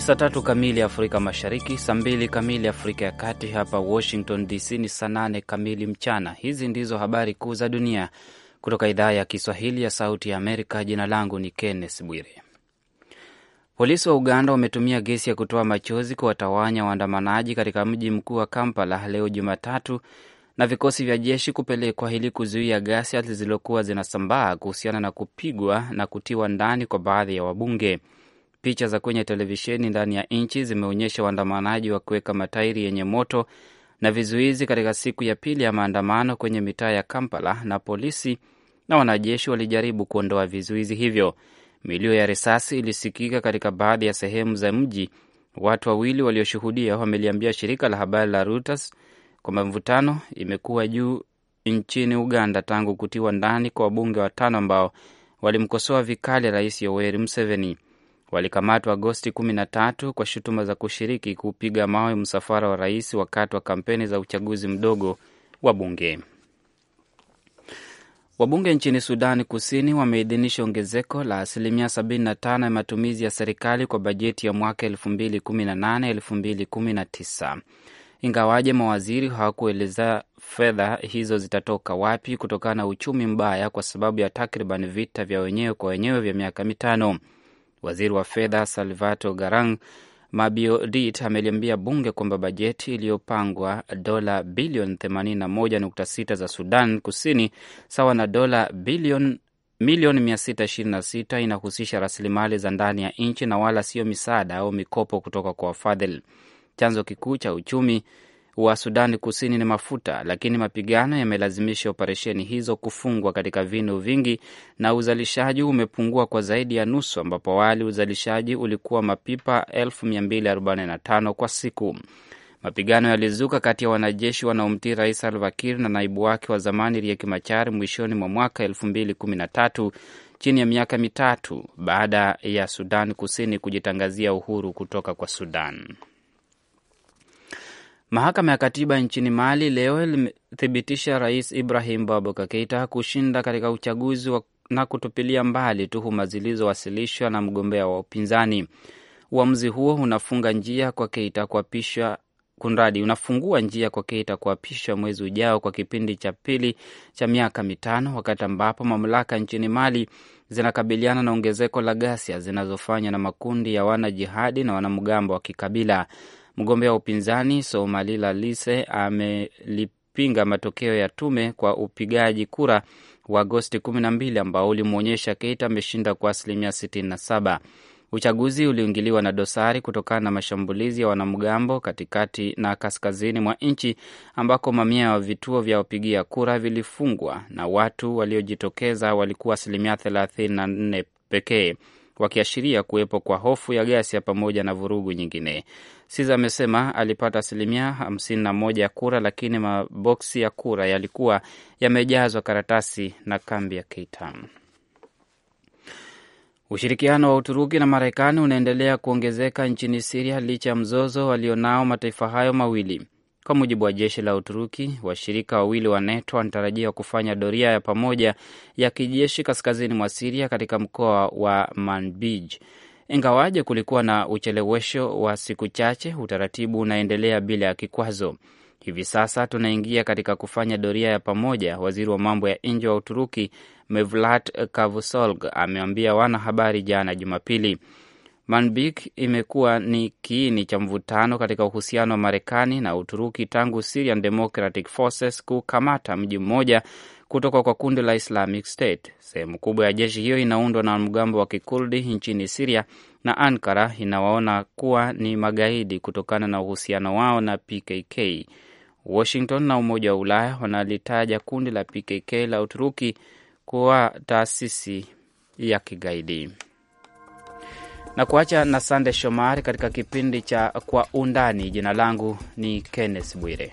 Ni saa tatu kamili Afrika Mashariki, saa mbili kamili Afrika ya Kati. Hapa Washington DC ni saa nane kamili mchana. Hizi ndizo habari kuu za dunia kutoka idhaa ya Kiswahili ya Sauti ya Amerika. Jina langu ni kennes Bwire. Polisi wa Uganda wametumia gesi ya kutoa machozi kuwatawanya waandamanaji katika mji mkuu wa Kampala leo Jumatatu, na vikosi vya jeshi kupelekwa ili kuzuia ghasia zilizokuwa zinasambaa kuhusiana na kupigwa na kutiwa ndani kwa baadhi ya wabunge. Picha za kwenye televisheni ndani ya nchi zimeonyesha waandamanaji wa kuweka matairi yenye moto na vizuizi katika siku ya pili ya maandamano kwenye mitaa ya Kampala, na polisi na wanajeshi walijaribu kuondoa vizuizi hivyo. Milio ya risasi ilisikika katika baadhi ya sehemu za mji. Watu wawili walioshuhudia wameliambia shirika la habari la Reuters kwamba mvutano imekuwa juu nchini Uganda tangu kutiwa ndani kwa wabunge watano ambao walimkosoa vikali Rais Yoweri Museveni walikamatwa Agosti 13 kwa shutuma za kushiriki kupiga mawe msafara wa rais wakati wa kampeni za uchaguzi mdogo wa bunge. Wabunge nchini Sudani Kusini wameidhinisha ongezeko la asilimia 75 ya matumizi ya serikali kwa bajeti ya mwaka 2018-2019 ingawaje mawaziri hawakueleza fedha hizo zitatoka wapi kutokana na uchumi mbaya kwa sababu ya takriban vita vya wenyewe kwa wenyewe vya miaka mitano. Waziri wa fedha Salvato Garang Mabiodit ameliambia bunge kwamba bajeti iliyopangwa dola bilioni 81.6 za Sudan Kusini sawa na dola bilioni milioni 626 inahusisha rasilimali za ndani ya nchi na wala sio misaada au mikopo kutoka kwa wafadhili. Chanzo kikuu cha uchumi wa Sudani Kusini ni mafuta, lakini mapigano yamelazimisha operesheni hizo kufungwa katika vinu vingi na uzalishaji umepungua kwa zaidi ya nusu, ambapo awali uzalishaji ulikuwa mapipa 245 kwa siku. Mapigano yalizuka kati ya wanajeshi wanaomtii rais Salva Kiir na naibu wake wa zamani Riek Machar mwishoni mwa mwaka 2013 chini ya miaka mitatu baada ya Sudan Kusini kujitangazia uhuru kutoka kwa Sudan. Mahakama ya katiba nchini Mali leo ilimthibitisha rais Ibrahim Boubacar Keita kushinda katika uchaguzi wa, na kutupilia mbali tuhuma zilizowasilishwa na mgombea wa upinzani. Uamuzi huo unafunga njia kwa Keita kuapishwa kunradi unafungua njia kwa Keita kuapishwa mwezi ujao kwa kipindi cha pili cha miaka mitano, wakati ambapo mamlaka nchini Mali zinakabiliana na ongezeko la ghasia zinazofanywa na makundi ya wanajihadi na wanamgambo wa kikabila. Mgombea wa upinzani Somalila Lise amelipinga matokeo ya tume kwa upigaji kura wa Agosti 12 ambao ulimwonyesha Keita ameshinda kwa asilimia 67. Uchaguzi uliingiliwa na dosari kutokana na mashambulizi ya wanamgambo katikati na kaskazini mwa nchi ambako mamia ya vituo vya wapigia kura vilifungwa na watu waliojitokeza walikuwa asilimia 34 pekee wakiashiria kuwepo kwa hofu ya ghasia pamoja na vurugu nyingine. Siza amesema alipata asilimia hamsini na moja ya kura, lakini maboksi ya kura yalikuwa yamejazwa karatasi na kambi ya kta Ushirikiano wa Uturuki na Marekani unaendelea kuongezeka nchini Siria licha ya mzozo walionao mataifa hayo mawili. Kwa mujibu wa jeshi la Uturuki, washirika wawili wa NATO wanatarajia kufanya doria ya pamoja ya kijeshi kaskazini mwa Siria katika mkoa wa Manbij. Ingawaje kulikuwa na uchelewesho wa siku chache, utaratibu unaendelea bila ya kikwazo. Hivi sasa tunaingia katika kufanya doria ya pamoja, waziri wa mambo ya nje wa Uturuki mevlat Cavusoglu ameambia wanahabari jana Jumapili. Manbik imekuwa ni kiini cha mvutano katika uhusiano wa Marekani na Uturuki tangu Syrian Democratic Forces kukamata mji mmoja kutoka kwa kundi la Islamic State. Sehemu kubwa ya jeshi hiyo inaundwa na mgambo wa Kikurdi nchini Siria, na Ankara inawaona kuwa ni magaidi kutokana na uhusiano wao na PKK. Washington na Umoja wa Ulaya wanalitaja kundi la PKK la Uturuki kuwa taasisi ya kigaidi na kuacha na Sande Shomari katika kipindi cha Kwa Undani. Jina langu ni Kenneth Bwire.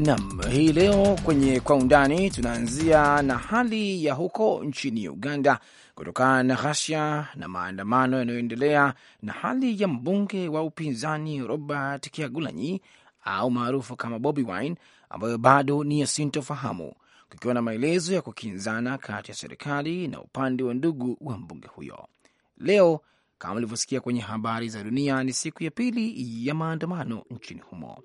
Nam, hii leo kwenye kwa undani tunaanzia na hali ya huko nchini Uganda kutokana na ghasia na maandamano yanayoendelea na hali ya mbunge wa upinzani Robert Kyagulanyi au maarufu kama Bobi Wine, ambayo bado ni yasintofahamu, kukiwa na maelezo ya kukinzana kati ya serikali na upande wa ndugu wa mbunge huyo. Leo kama ulivyosikia kwenye habari za dunia, ni siku ya pili ya maandamano nchini humo.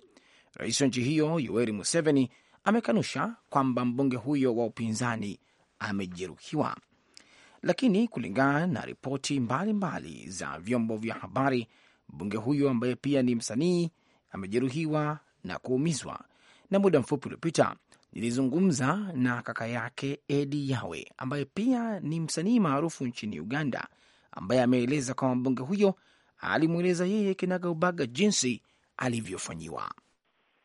Rais wa nchi hiyo Yoweri Museveni amekanusha kwamba mbunge huyo wa upinzani amejeruhiwa, lakini kulingana na ripoti mbalimbali za vyombo vya habari, mbunge huyo ambaye pia ni msanii amejeruhiwa na kuumizwa. Na muda mfupi uliopita nilizungumza na kaka yake Edi Yawe ambaye pia ni msanii maarufu nchini Uganda, ambaye ameeleza kwamba mbunge huyo alimweleza yeye kinaga ubaga jinsi alivyofanyiwa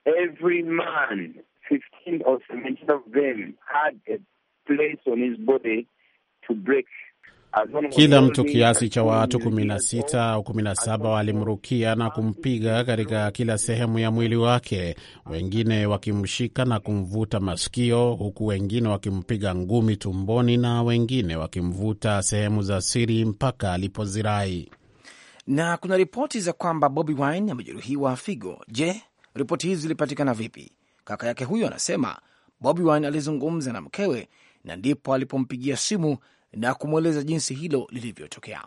every man, 15 or 17 of them, had a place on his body to break kila mtu kiasi cha watu kumi na sita au kumi na saba walimrukia na kumpiga katika kila sehemu ya mwili wake, wengine wakimshika na kumvuta masikio, huku wengine wakimpiga ngumi tumboni na wengine wakimvuta sehemu za siri mpaka alipozirai. Na kuna ripoti za kwamba Bobi Wine amejeruhiwa figo. Je, Ripoti hizi zilipatikana vipi? Kaka yake huyo anasema Bobi Wine alizungumza na mkewe na ndipo alipompigia simu na kumweleza jinsi hilo lilivyotokea.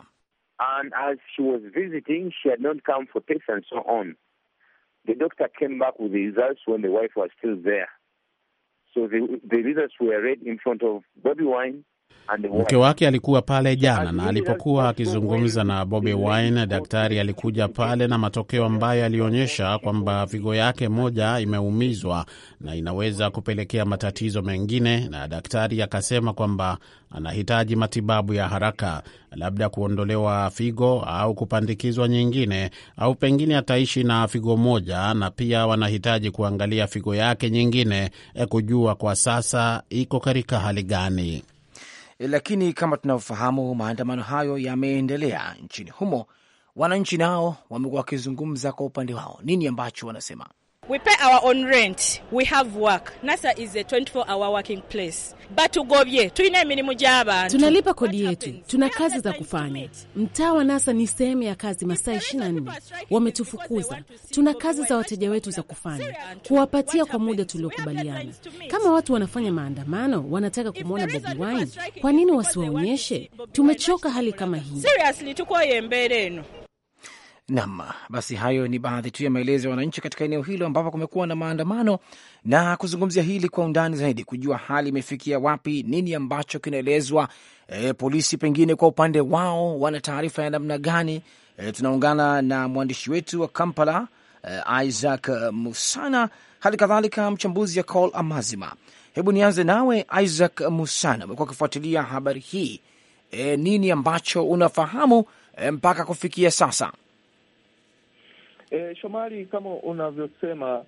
So the, the results were read in front of Bobby Wine Mke wake alikuwa pale jana, na alipokuwa akizungumza na Bobi Wine, daktari alikuja pale na matokeo ambayo yalionyesha kwamba figo yake moja imeumizwa na inaweza kupelekea matatizo mengine, na daktari akasema kwamba anahitaji matibabu ya haraka, labda kuondolewa figo au kupandikizwa nyingine, au pengine ataishi na figo moja, na pia wanahitaji kuangalia figo yake nyingine, eh, kujua kwa sasa iko katika hali gani. Eh, lakini kama tunavyofahamu, maandamano hayo yameendelea nchini humo. Wananchi nao wamekuwa wakizungumza kwa upande wao, nini ambacho wanasema. We pay our own rent. We have work. NASA is a 24-hour working place. Batugobye, tuina minimu jaba. Tunalipa kodi yetu. Tuna kazi za kufanya. Mtaa wa NASA ni sehemu ya kazi masaa 24. Wametufukuza. Tuna kazi za wateja wetu za kufanya. Kuwapatia kwa muda tuliokubaliana. Kama watu wanafanya maandamano, wanataka kumwona Bobi Wine, kwa nini wasiwaonyeshe? Tumechoka hali kama hii. Seriously, tuko yembere Nam, basi hayo ni baadhi tu ya maelezo ya wananchi katika eneo hilo ambapo kumekuwa na maandamano. Na kuzungumzia hili kwa undani zaidi, kujua hali imefikia wapi, nini ambacho kinaelezwa, e, polisi pengine kwa upande wao wana taarifa ya namna gani? E, tunaungana na mwandishi wetu wa Kampala, e, Isaac Musana, hali kadhalika mchambuzi ya Call Amazima. Hebu nianze nawe Isaac Musana, umekuwa ukifuatilia habari hii, e, nini ambacho unafahamu e, mpaka kufikia sasa? E, Shomari, kama unavyosema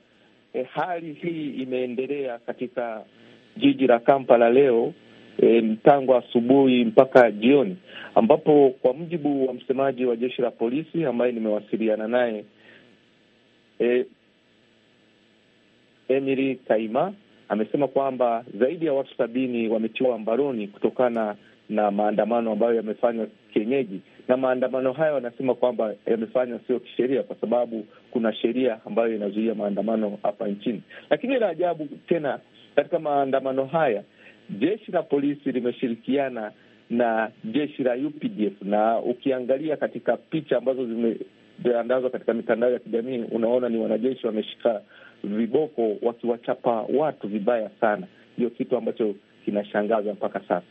e, hali hii imeendelea katika jiji la Kampala leo e, tangu asubuhi mpaka jioni, ambapo kwa mujibu wa msemaji wa jeshi la polisi ambaye nimewasiliana naye e, Emily Kaima amesema kwamba zaidi ya watu sabini wametiwa mbaroni kutokana na maandamano ambayo yamefanywa kienyeji, na maandamano hayo wanasema kwamba yamefanywa sio kisheria, kwa sababu kuna sheria ambayo inazuia maandamano hapa nchini. Lakini la ajabu tena katika maandamano haya jeshi la polisi limeshirikiana na jeshi la UPDF, na ukiangalia katika picha ambazo zimetandazwa katika mitandao ya kijamii, unaona ni wanajeshi wameshika viboko wakiwachapa watu vibaya sana. Ndio kitu ambacho kinashangaza mpaka sasa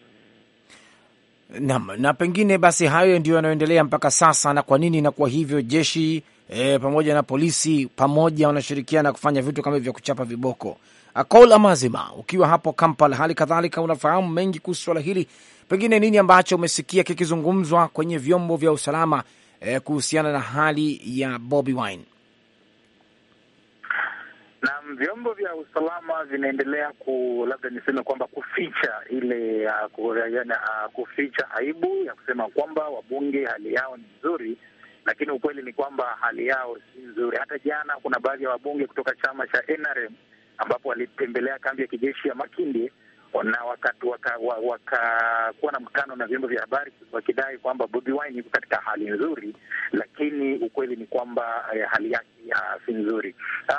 nam na pengine basi hayo ndio yanayoendelea mpaka sasa. Na kwa nini inakuwa hivyo? Jeshi e, pamoja na polisi pamoja wanashirikiana kufanya vitu kama vya kuchapa viboko. Akol Amazima, ukiwa hapo Kampala, hali kadhalika unafahamu mengi kuhusu swala hili, pengine nini ambacho umesikia kikizungumzwa kwenye vyombo vya usalama e, kuhusiana na hali ya Bobi Wine? na vyombo vya usalama vinaendelea ku, labda niseme kwamba kuficha ile uh, kuhayana, uh, kuficha aibu ya kusema kwamba wabunge hali yao ni nzuri, lakini ukweli ni kwamba hali yao si nzuri. Hata jana kuna baadhi ya wabunge kutoka chama cha NRM ambapo walitembelea kambi ya kijeshi ya Makindye na wakakuwa waka, waka, na mkano na vyombo vya habari wakidai kwamba Bobi Wine iko katika hali nzuri, lakini ukweli ni kwamba eh, hali yake si nzuri.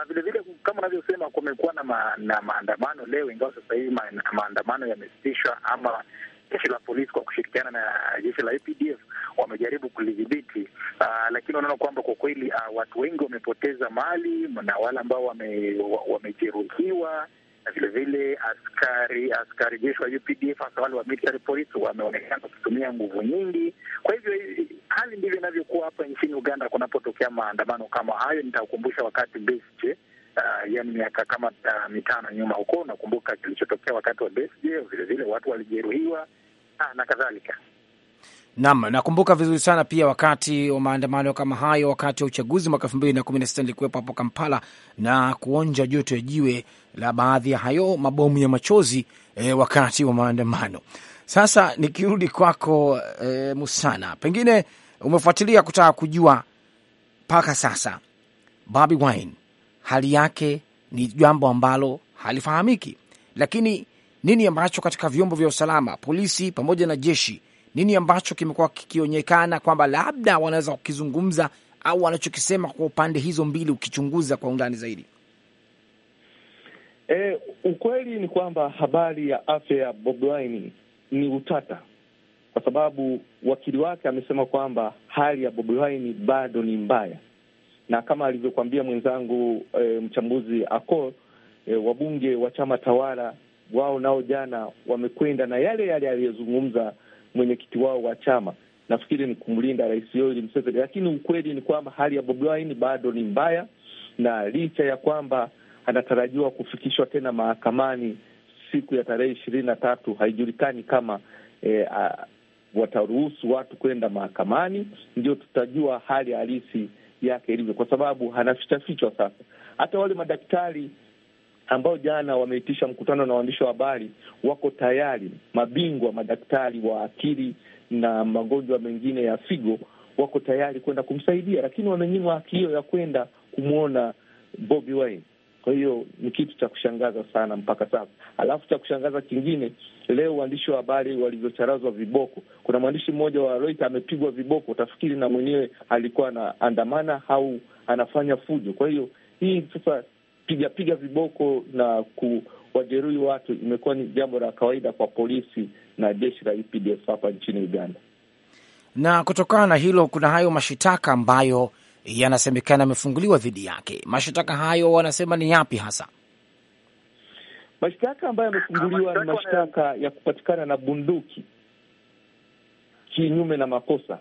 Vilevile ah, uh, kama unavyosema, kumekuwa na, ma, na maandamano leo, ingawa sasa hivi ma, maandamano yamesitishwa ama jeshi la polisi kwa kushirikiana na jeshi la APDF wamejaribu kulidhibiti, ah, lakini wanaona kwamba kwa kweli uh, watu wengi wamepoteza mali na wale ambao wamejeruhiwa wame na vilevile askari askari jeshi wa UPDF hasa wale wa military police wameonekana kutumia nguvu nyingi. Kwa hivyo hali ndivyo inavyokuwa hapa nchini Uganda kunapotokea maandamano kama hayo. Nitakukumbusha wakati Besigye Uh, yani miaka kama uh, mitano nyuma huko, unakumbuka kilichotokea wakati wa Besigye, vilevile watu walijeruhiwa uh, na kadhalika. Naam, nakumbuka vizuri sana pia wakati wa maandamano kama hayo, wakati wa uchaguzi mwaka elfu mbili na kumi na sita nilikuwepo hapo Kampala na kuonja joto ya jiwe la baadhi ya hayo mabomu ya machozi eh, wakati wa maandamano. Sasa nikirudi kwako eh, Musana, pengine umefuatilia kutaka kujua mpaka sasa Bobi Wine hali yake ni jambo ambalo halifahamiki, lakini nini ambacho katika vyombo vya usalama polisi pamoja na jeshi nini ambacho kimekuwa kikionyekana kwamba labda wanaweza kukizungumza au wanachokisema kwa upande hizo mbili, ukichunguza kwa undani zaidi? E, ukweli ni kwamba habari ya afya ya Bobi Wine ni utata, kwa sababu wakili wake amesema kwamba hali ya Bobi Wine bado ni mbaya, na kama alivyokuambia mwenzangu e, mchambuzi Akol e, eh, wabunge wa chama tawala wao nao jana wamekwenda na yale yale aliyozungumza mwenyekiti wao wa chama, nafikiri ni kumlinda Rais Yoweri Museveni. Lakini ukweli ni kwamba hali ya Bobi Wine bado ni mbaya, na licha ya kwamba anatarajiwa kufikishwa tena mahakamani siku ya tarehe ishirini na tatu, haijulikani kama e, a, wataruhusu watu kwenda mahakamani. Ndio tutajua hali halisi yake ilivyo, kwa sababu anafichafichwa sasa. Hata wale madaktari ambao jana wameitisha mkutano na waandishi wa habari, wako tayari, mabingwa madaktari wa akili na magonjwa mengine ya figo wako tayari kwenda kumsaidia, lakini wamenyimwa haki hiyo ya kwenda kumwona Bobi Wine. Kwa hiyo ni kitu cha kushangaza sana mpaka sasa. Alafu cha kushangaza kingine, leo waandishi wa habari walivyocharazwa viboko. Kuna mwandishi mmoja wa Reuters amepigwa viboko, utafikiri na mwenyewe alikuwa anaandamana au anafanya fujo. Kwa hiyo hii sasa kupigapiga viboko na kuwajeruhi watu imekuwa ni jambo la kawaida kwa polisi na jeshi la UPDF e hapa nchini Uganda. Na kutokana na hilo, kuna hayo mashitaka ambayo yanasemekana yamefunguliwa dhidi yake. Mashitaka hayo wanasema ni yapi hasa? Mashtaka ambayo yamefunguliwa ni mashtaka ya kupatikana na bunduki kinyume na makosa,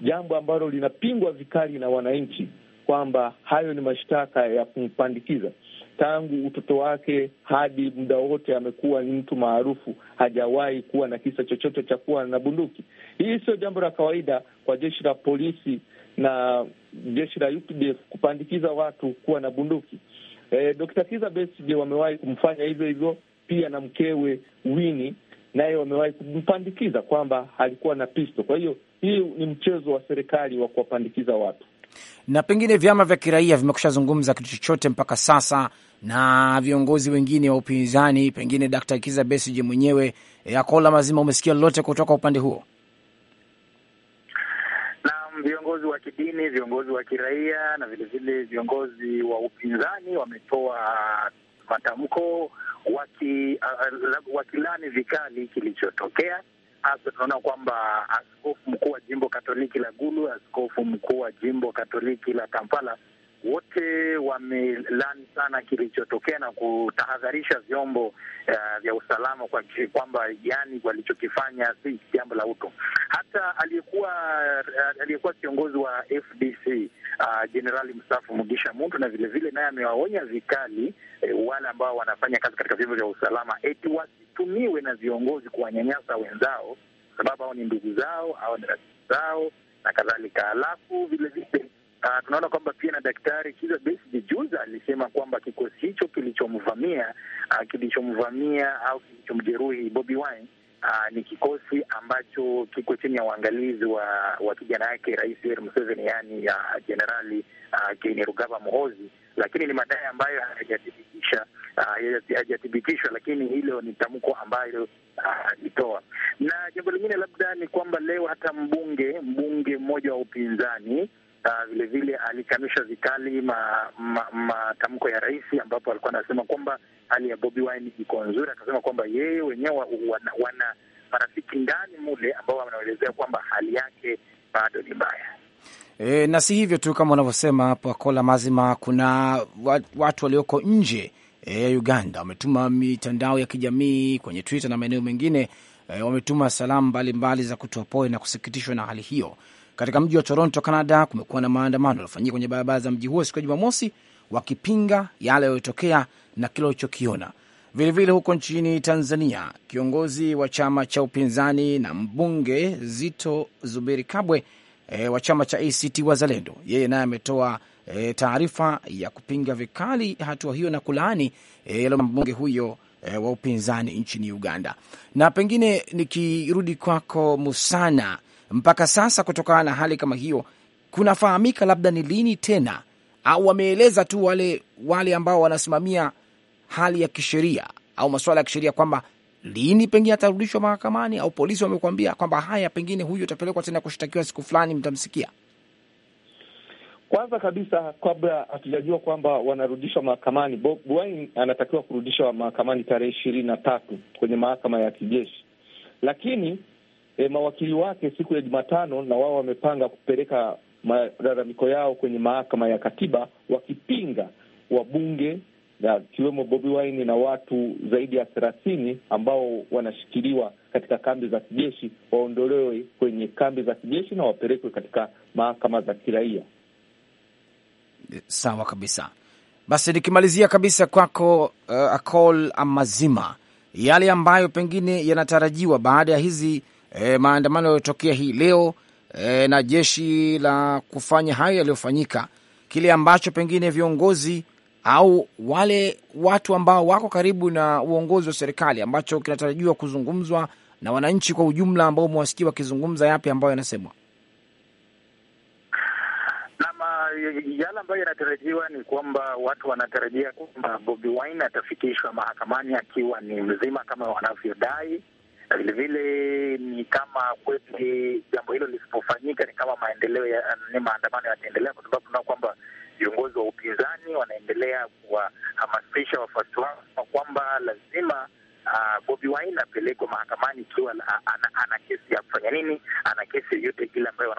jambo ambalo linapingwa vikali na wananchi kwamba hayo ni mashtaka ya kumpandikiza tangu utoto wake hadi muda wote amekuwa ni mtu maarufu, hajawahi kuwa na kisa chochote cha kuwa na bunduki. Hii sio jambo la kawaida kwa jeshi la polisi na jeshi la UPDF kupandikiza watu kuwa na bunduki. E, Dkt. Kizza Besigye wamewahi kumfanya hivyo hivyo, pia na mkewe Winnie naye wamewahi kumpandikiza kwamba alikuwa na pisto. Kwa hiyo hii ni mchezo wa serikali wa kuwapandikiza watu. Na pengine vyama vya kiraia vimekushazungumza kitu chochote mpaka sasa na viongozi wengine wa upinzani, pengine Dkt. Kiza Besije mwenyewe, eh, Akola Mazima, umesikia lolote kutoka upande huo? Viongozi wa kidini, viongozi wa kiraia na vilevile viongozi wa upinzani wametoa matamko wakilani waki vikali kilichotokea hasa tunaona kwamba askofu mkuu wa jimbo Katoliki la Gulu, askofu mkuu wa jimbo Katoliki la Kampala wote wamelani sana kilichotokea na kutahadharisha vyombo uh, vya usalama kwa kwamba yani walichokifanya si jambo la utu Hata aliyekuwa eh, aliyekuwa kiongozi wa FDC jenerali ah, uh, mstaafu Mugisha Muntu na vilevile naye amewaonya vikali uh, wale ambao wanafanya kazi katika vyombo vya usalama eti wasitumiwe na viongozi kuwanyanyasa wenzao, sababu hao ni ndugu zao au ni rafiki zao na kadhalika. Alafu vilevile Uh, tunaona kwamba pia na Daktari Kizza Besigye juza alisema kwamba kikosi hicho kilichomvamia uh, kilichomvamia au kilichomjeruhi Bobi Wine uh, ni kikosi ambacho kiko chini ya uangalizi wa wa kijana yake Rais Yoweri Museveni, yaani uh, Jenerali uh, Kainerugaba Muhoozi, lakini ni madai ambayo hayajathibitisha hajathibitishwa uh, lakini hilo ni tamko ambayo alitoa. Uh, na jambo lingine labda ni kwamba leo hata mbunge mbunge mmoja wa upinzani Vilevile uh, alikanusha vikali matamko ma, ma ya rais, ambapo alikuwa anasema kwamba hali ya Bobi Wine iko nzuri. Akasema kwamba yeye wenyewe wana, wana marafiki ndani mule ambao wanaelezea kwamba hali yake bado ni mbaya. E, na si hivyo tu kama wanavyosema hapo Akola Mazima, kuna watu walioko nje e, ya e, Uganda wametuma mitandao ya kijamii kwenye Twitter na maeneo mengine e, wametuma salamu mbalimbali za kutoa pole na kusikitishwa na hali hiyo. Katika mji wa Toronto, Canada, kumekuwa na maandamano yaliyofanyika kwenye barabara za mji huo siku ya Jumamosi wakipinga yale yaliyotokea na kile walichokiona. Vilevile huko nchini Tanzania, kiongozi wa chama cha upinzani na mbunge Zito Zuberi Kabwe e, wa chama cha ACT Wazalendo, yeye naye ametoa e, taarifa ya kupinga vikali hatua hiyo na kulaani e, yale mbunge huyo e, wa upinzani nchini Uganda. Na pengine nikirudi kwako Musana, mpaka sasa kutokana na hali kama hiyo, kunafahamika labda ni lini tena, au wameeleza tu wale wale ambao wanasimamia hali ya kisheria au masuala ya kisheria kwamba lini pengine atarudishwa mahakamani, au polisi wamekuambia kwamba haya, pengine huyu atapelekwa tena kushtakiwa siku fulani, mtamsikia? Kwanza kabisa kabla hatujajua kwamba wanarudishwa mahakamani, Bob Wine anatakiwa kurudishwa mahakamani tarehe ishirini na tatu kwenye mahakama ya kijeshi, lakini e, mawakili wake siku ya Jumatano na wao wamepanga kupeleka malalamiko yao kwenye mahakama ya katiba wakipinga wabunge na akiwemo Bobi Wine na watu zaidi ya thelathini ambao wanashikiliwa katika kambi za kijeshi waondolewe kwenye kambi za kijeshi na wapelekwe katika mahakama za kiraia. E, sawa kabisa. Basi nikimalizia kabisa kwako, uh, Akol Amazima, yale ambayo pengine yanatarajiwa baada ya hizi e, maandamano yaliyotokea hii leo e, na jeshi la kufanya hayo yaliyofanyika, kile ambacho pengine viongozi au wale watu ambao wako karibu na uongozi wa serikali ambacho kinatarajiwa kuzungumzwa na wananchi kwa ujumla, ambao umewasikia wakizungumza, yapi ambayo yanasemwa? Yale ambayo yanatarajiwa ni kwamba watu wanatarajia kwamba Bobi Wine atafikishwa mahakamani akiwa ni mzima kama wanavyodai, na vilevile ni kama kweli jambo hilo lisipofanyika, ni kama maendeleo ya ni maandamano yataendelea, kwa sababu tunaona kwamba viongozi wa upinzani wanaendelea kuwahamasisha wafuasi wao kwamba lazima uh, Bobi Wine apelekwa mahakamani ikiwa ana, ana, ana kesi ya kufanya nini, ana kesi yoyote ile ambayo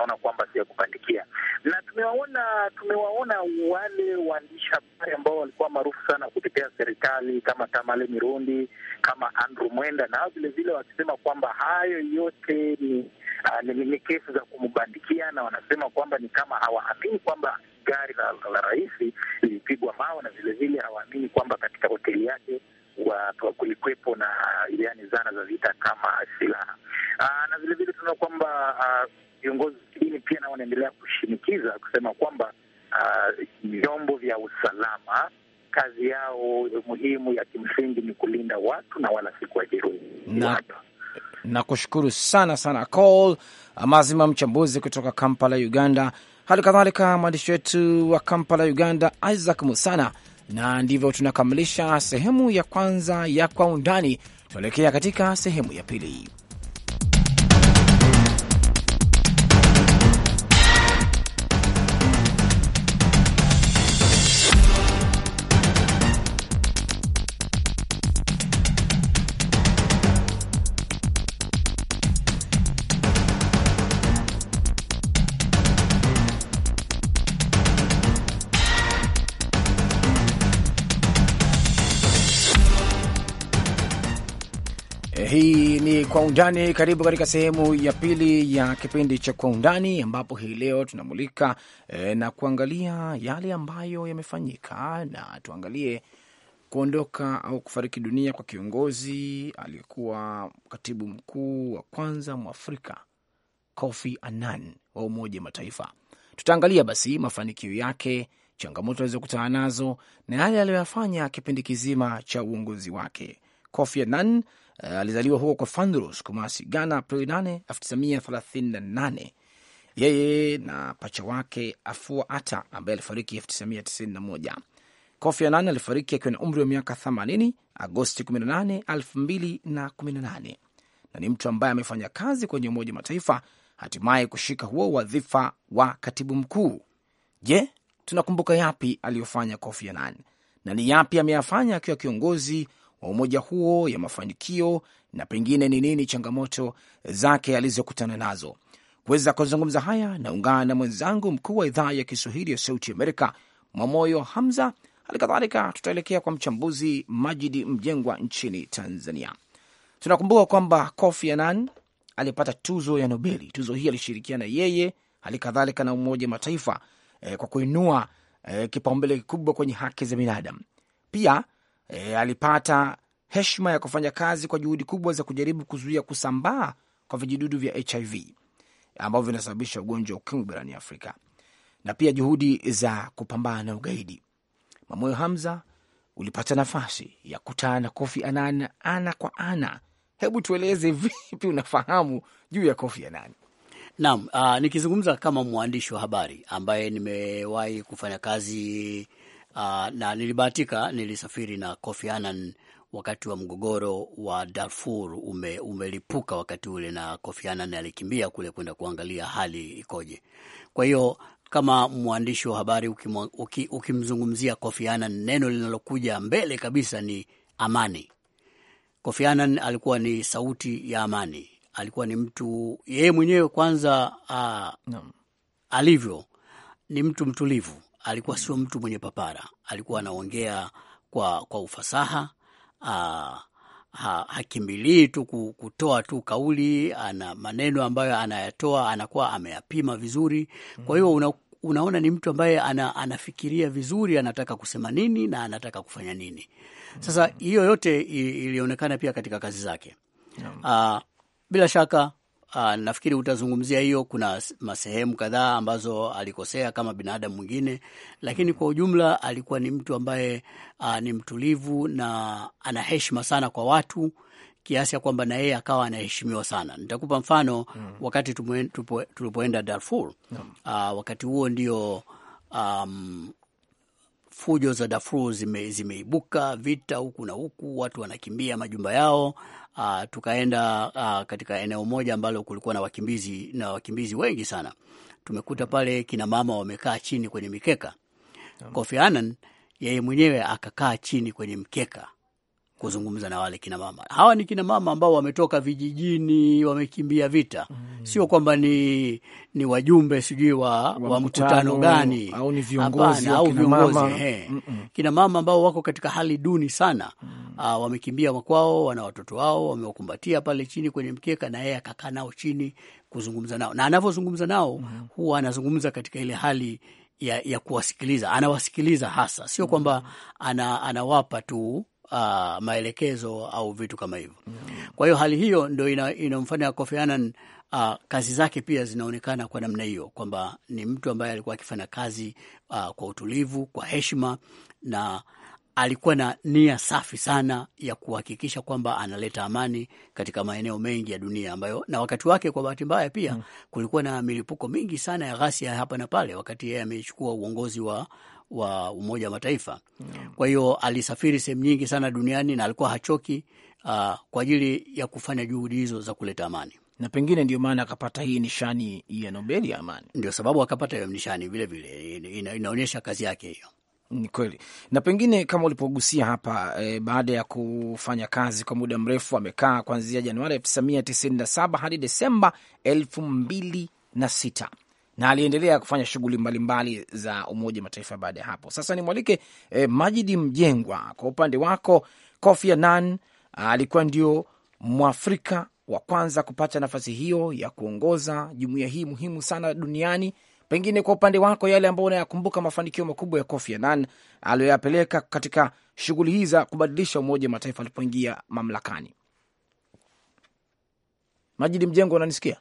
tunakushukuru sana sana Col Amazima, mchambuzi kutoka Kampala, Uganda, hali kadhalika mwandishi wetu wa Kampala, Uganda, Isaac Musana. Na ndivyo tunakamilisha sehemu ya kwanza ya Kwa Undani. Tuelekea katika sehemu ya pili. Kwa Undani. Karibu katika sehemu ya pili ya kipindi cha Kwa Undani, ambapo hii leo tunamulika e, na kuangalia yale ambayo yamefanyika, na tuangalie kuondoka au kufariki dunia kwa kiongozi aliyekuwa katibu mkuu wa kwanza mwafrika Kofi Annan wa Umoja wa Mataifa. Tutaangalia basi mafanikio yake, changamoto alizokutana nazo na yale aliyoyafanya kipindi kizima cha uongozi wake. Kofi Annan Eh, alizaliwa huko kwa Fandros, Kumasi, Ghana, Aprili 8, 1938. Yeye na pacha wake Afua Ata ambaye alifariki 1991. Kofi Annan alifariki akiwa na umri wa miaka 80 Agosti 18, 2018, na ni mtu ambaye amefanya kazi kwenye Umoja wa Mataifa, hatimaye kushika huo wadhifa wa katibu mkuu. Je, tunakumbuka yapi aliyofanya Kofi Annan na ni yapi ameyafanya akiwa kiongozi wa umoja huo ya mafanikio na pengine ni nini changamoto zake alizokutana nazo. Kuweza kuzungumza haya, naungana na mwenzangu mkuu wa idhaa ya Kiswahili ya Sauti Amerika, Mwamoyo Hamza. Hali kadhalika tutaelekea kwa mchambuzi Majidi Mjengwa nchini Tanzania. Tunakumbuka kwamba Kofi Annan alipata tuzo ya Nobeli. Tuzo hii alishirikiana yeye, hali kadhalika na Umoja wa Mataifa eh, kwa kuinua eh, kipaumbele kikubwa kwenye haki za binadamu. Pia e, alipata heshima ya kufanya kazi kwa juhudi kubwa za kujaribu kuzuia kusambaa kwa vijidudu vya HIV ambavyo vinasababisha ugonjwa wa ukimwi barani Afrika na pia juhudi za kupambana na ugaidi. Mamoyo Hamza, ulipata nafasi ya kutana na Kofi Annan ana kwa ana. Hebu tueleze vipi unafahamu juu ya Kofi Annan? Naam, uh, nikizungumza kama mwandishi wa habari ambaye nimewahi kufanya kazi Uh, na nilibahatika nilisafiri na Kofi Annan wakati wa mgogoro wa Darfur ume, umelipuka wakati ule, na Kofi Annan alikimbia kule kwenda kuangalia hali ikoje. Kwa hiyo kama mwandishi wa habari ukimzungumzia uki, uki Kofi Annan, neno linalokuja mbele kabisa ni amani. Kofi Annan alikuwa ni sauti ya amani, alikuwa ni mtu yeye mwenyewe kwanza, uh, ah, no. alivyo ni mtu mtulivu alikuwa sio mtu mwenye papara, alikuwa anaongea kwa, kwa ufasaha aa, ha, hakimbilii tu kutoa tu kauli, ana maneno ambayo anayatoa anakuwa ameyapima vizuri. Kwa hiyo una, unaona ni mtu ambaye ana, anafikiria vizuri anataka kusema nini na anataka kufanya nini. Sasa hiyo yote ilionekana pia katika kazi zake. Aa, bila shaka Uh, nafikiri utazungumzia hiyo. Kuna masehemu kadhaa ambazo alikosea kama binadamu mwingine, lakini kwa ujumla alikuwa ni mtu ambaye uh, ni mtulivu na ana heshima sana kwa watu kiasi ya kwamba na yeye akawa anaheshimiwa sana. Nitakupa mfano mm. wakati tulipoenda Darfur mm. uh, wakati huo ndio um, fujo za Darfur zime, zimeibuka vita huku na huku, watu wanakimbia majumba yao uh, tukaenda uh, katika eneo moja ambalo kulikuwa na wakimbizi na wakimbizi wengi sana. Tumekuta pale kina mama wamekaa chini kwenye mikeka. Kofi Annan yeye mwenyewe akakaa chini kwenye mkeka kuzungumza na wale kina mama. Hawa ni kina mama ambao wametoka vijijini, wamekimbia vita mm. Sio kwamba ni, ni wajumbe sijui wa, wa, mkutano gani au ni viongozi, hapana, au kina viongozi mama. Mm -mm. Kina mama ambao wako katika hali duni sana mm. Aa, ah, wamekimbia makwao, wana watoto wao, wamewakumbatia pale chini kwenye mkeka, na yeye akakaa nao chini kuzungumza nao, na anavyozungumza nao mm. huwa anazungumza katika ile hali ya, ya kuwasikiliza, anawasikiliza hasa, sio kwamba mm. ana, anawapa tu uh, maelekezo au vitu kama hivyo Kwa hiyo hali hiyo ndo inamfanya ina Kofi Annan uh, kazi zake pia zinaonekana kwa namna hiyo kwamba ni mtu ambaye alikuwa akifanya kazi uh, kwa utulivu, kwa heshima na alikuwa na nia safi sana ya kuhakikisha kwamba analeta amani katika maeneo mengi ya dunia ambayo, na wakati wake, kwa bahati mbaya pia hmm. kulikuwa na milipuko mingi sana ya ghasia hapa na pale wakati yeye amechukua uongozi wa wa Umoja wa Mataifa. Kwa hiyo alisafiri sehemu nyingi sana duniani na alikuwa hachoki uh, kwa ajili ya kufanya juhudi hizo za kuleta amani na pengine ndio maana akapata hii nishani ya Nobel ya amani, ndio sababu akapata hiyo nishani vilevile. Ina, inaonyesha kazi yake hiyo. Ni kweli, na pengine kama ulipogusia hapa e, baada ya kufanya kazi kwa muda mrefu amekaa kuanzia Januari 1997 hadi Desemba elfu mbili na sita na aliendelea kufanya shughuli mbalimbali za Umoja Mataifa baada ya hapo. Sasa nimwalike eh, Majidi Mjengwa, kwa upande wako Kofi Annan ah, alikuwa ndio Mwafrika wa kwanza kupata nafasi hiyo ya kuongoza jumuiya hii muhimu sana duniani. Pengine kwa upande wako, yale ambayo unayakumbuka mafanikio makubwa ya Kofi Annan aliyoyapeleka katika shughuli hii za kubadilisha Umoja wa Mataifa alipoingia mamlakani. Majidi Mjengo, unanisikia?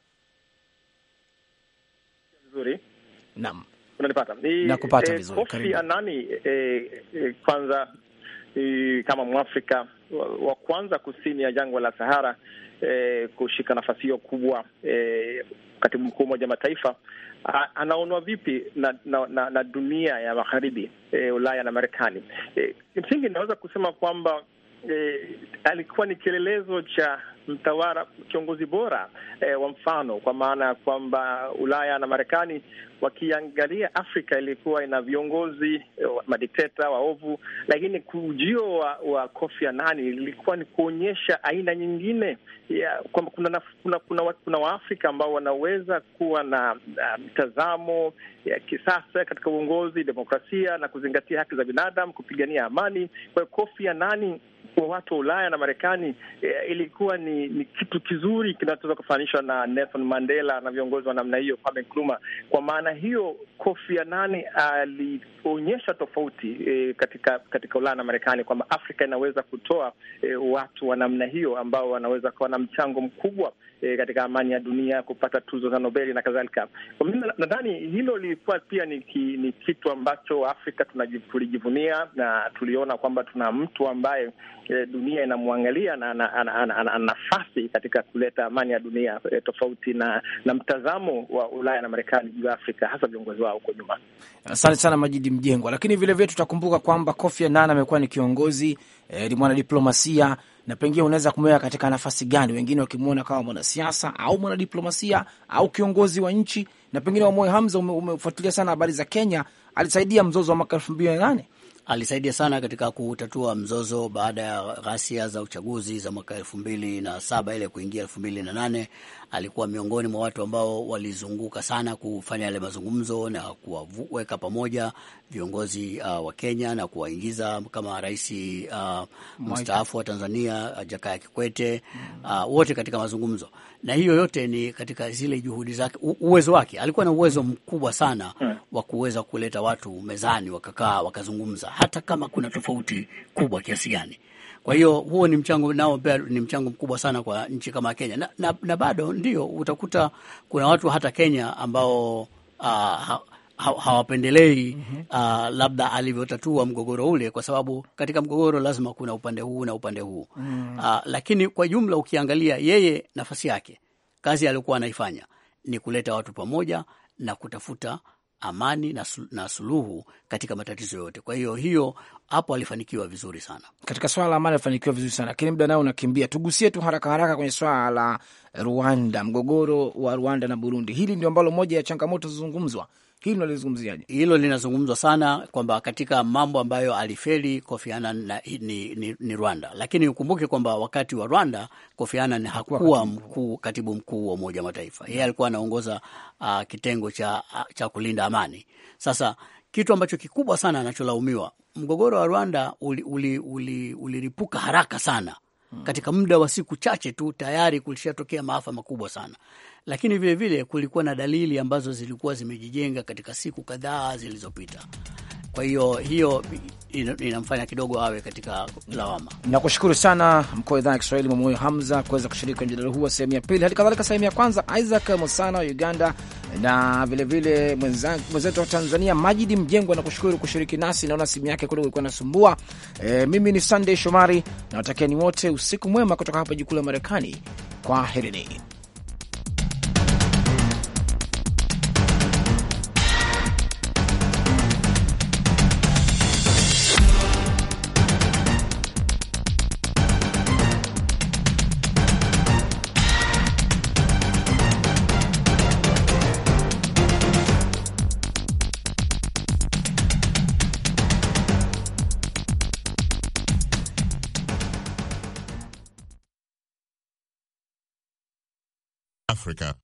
Naam, unanipata? Nakupata eh, vizuri. Kofi Anani eh, eh, kwanza kama Mwafrika wa, kwanza kusini ya jangwa la Sahara eh, kushika nafasi hiyo kubwa eh, katibu mkuu Umoja Mataifa anaonwa vipi na, na, na, na dunia ya magharibi e, Ulaya na Marekani? Kimsingi e, naweza kusema kwamba e, alikuwa ni kielelezo cha mtawala kiongozi bora e, wa mfano, kwa maana ya kwamba Ulaya na Marekani wakiangalia Afrika ilikuwa ina viongozi eh, madikteta waovu, lakini ujio wa, wa Kofi Annan ilikuwa ni kuonyesha aina nyingine ya kwamba kuna, kuna, kuna, kuna Waafrika ambao wanaweza kuwa na mtazamo ya kisasa katika uongozi, demokrasia na kuzingatia haki za binadamu, kupigania amani. Kwa hiyo Kofi Annan wa watu wa Ulaya na Marekani eh, ilikuwa ni, ni kitu kizuri kinachoweza kufananishwa na Nelson Mandela na viongozi wa namna hiyo, Kwame Nkrumah. Kwa maana hiyo, Kofi Annan alionyesha tofauti eh, katika katika Ulaya na Marekani kwamba Afrika inaweza kutoa eh, watu wa namna hiyo ambao wanaweza kuwa na mchango mkubwa E, katika amani ya dunia, kupata tuzo za Nobeli na kadhalika. Nadhani hilo lilikuwa pia ni, ki, ni kitu ambacho Afrika tulijivunia na tuliona kwamba tuna mtu ambaye Eh, dunia inamwangalia na ana nafasi katika kuleta amani ya dunia, eh, tofauti na na mtazamo wa Ulaya na Marekani juu ya Afrika, hasa viongozi wao huko nyuma. Asante sana Majidi Mjengwa. Lakini vilevile tutakumbuka kwamba Kofi Annan amekuwa ni kiongozi eh, ni mwanadiplomasia na pengine unaweza kumweka katika nafasi gani, wengine wakimwona kama mwanasiasa au mwanadiplomasia au kiongozi wa nchi. Na pengine Wamoyo Hamza, umefuatilia sana habari za Kenya, alisaidia mzozo wa mwaka elfu mbili na nane alisaidia sana katika kutatua mzozo baada ya ghasia za uchaguzi za mwaka elfu mbili na saba ile kuingia elfu mbili na nane Alikuwa miongoni mwa watu ambao walizunguka sana kufanya yale mazungumzo na kuwaweka pamoja viongozi uh, wa Kenya na kuwaingiza kama rais uh, mstaafu wa Tanzania uh, Jakaya Kikwete mm. uh, wote katika mazungumzo na hiyo yote ni katika zile juhudi zake, uwezo wake. Alikuwa na uwezo mkubwa sana hmm. wa kuweza kuleta watu mezani, wakakaa wakazungumza, hata kama kuna tofauti kubwa kiasi gani. Kwa hiyo huo ni mchango nao pia ni mchango mkubwa sana kwa nchi kama Kenya na, na, na bado ndio utakuta kuna watu hata Kenya ambao uh, mm -hmm. uh, labda alivyotatua mgogoro ule, kwa sababu katika mgogoro lazima kuna upande huu na upande huu mm. uh, lakini kwa jumla ukiangalia, yeye nafasi yake, kazi aliyokuwa anaifanya ni kuleta watu pamoja na kutafuta amani na, suluhu katika matatizo yote. Kwa hiyo hiyo hapo alifanikiwa vizuri sana katika swala la amani, alifanikiwa vizuri sana lakini muda nao unakimbia, tugusie tu haraka haraka kwenye swala la Rwanda, mgogoro wa Rwanda na Burundi. Hili ndio ambalo moja ya changamoto zilizozungumzwa hili unalizungumziaje? Hilo linazungumzwa sana kwamba katika mambo ambayo alifeli Kofi Annan na, ni, ni, ni Rwanda, lakini ukumbuke kwamba wakati wa Rwanda Kofi Annan hakuwa mkuu, katibu mkuu wa Umoja wa Mataifa. Yeye alikuwa anaongoza uh, kitengo cha, uh, cha kulinda amani. Sasa kitu ambacho kikubwa sana anacholaumiwa mgogoro wa Rwanda uliripuka uli, uli, uli haraka sana Mm. katika muda wa siku chache tu tayari kulishatokea maafa makubwa sana, lakini vilevile vile kulikuwa na dalili ambazo zilikuwa zimejijenga katika siku kadhaa zilizopita. Kwa hiyo hiyo inamfanya kidogo awe katika lawama. Nakushukuru sana mkuu wa idhaa ya Kiswahili Mwamoyo Hamza kuweza kushiriki kwenye mjadala huu wa sehemu ya pili, hadi kadhalika sehemu ya kwanza Isaac Mosana wa Uganda na vilevile mwenzetu wa Tanzania Majidi Mjengwa. Nakushukuru kushiriki nasi, naona simu yake kule ulikuwa nasumbua. E, mimi ni Sunday Shomari, nawatakia ni wote usiku mwema kutoka hapa jukuu la Marekani. kwa herini. Africa.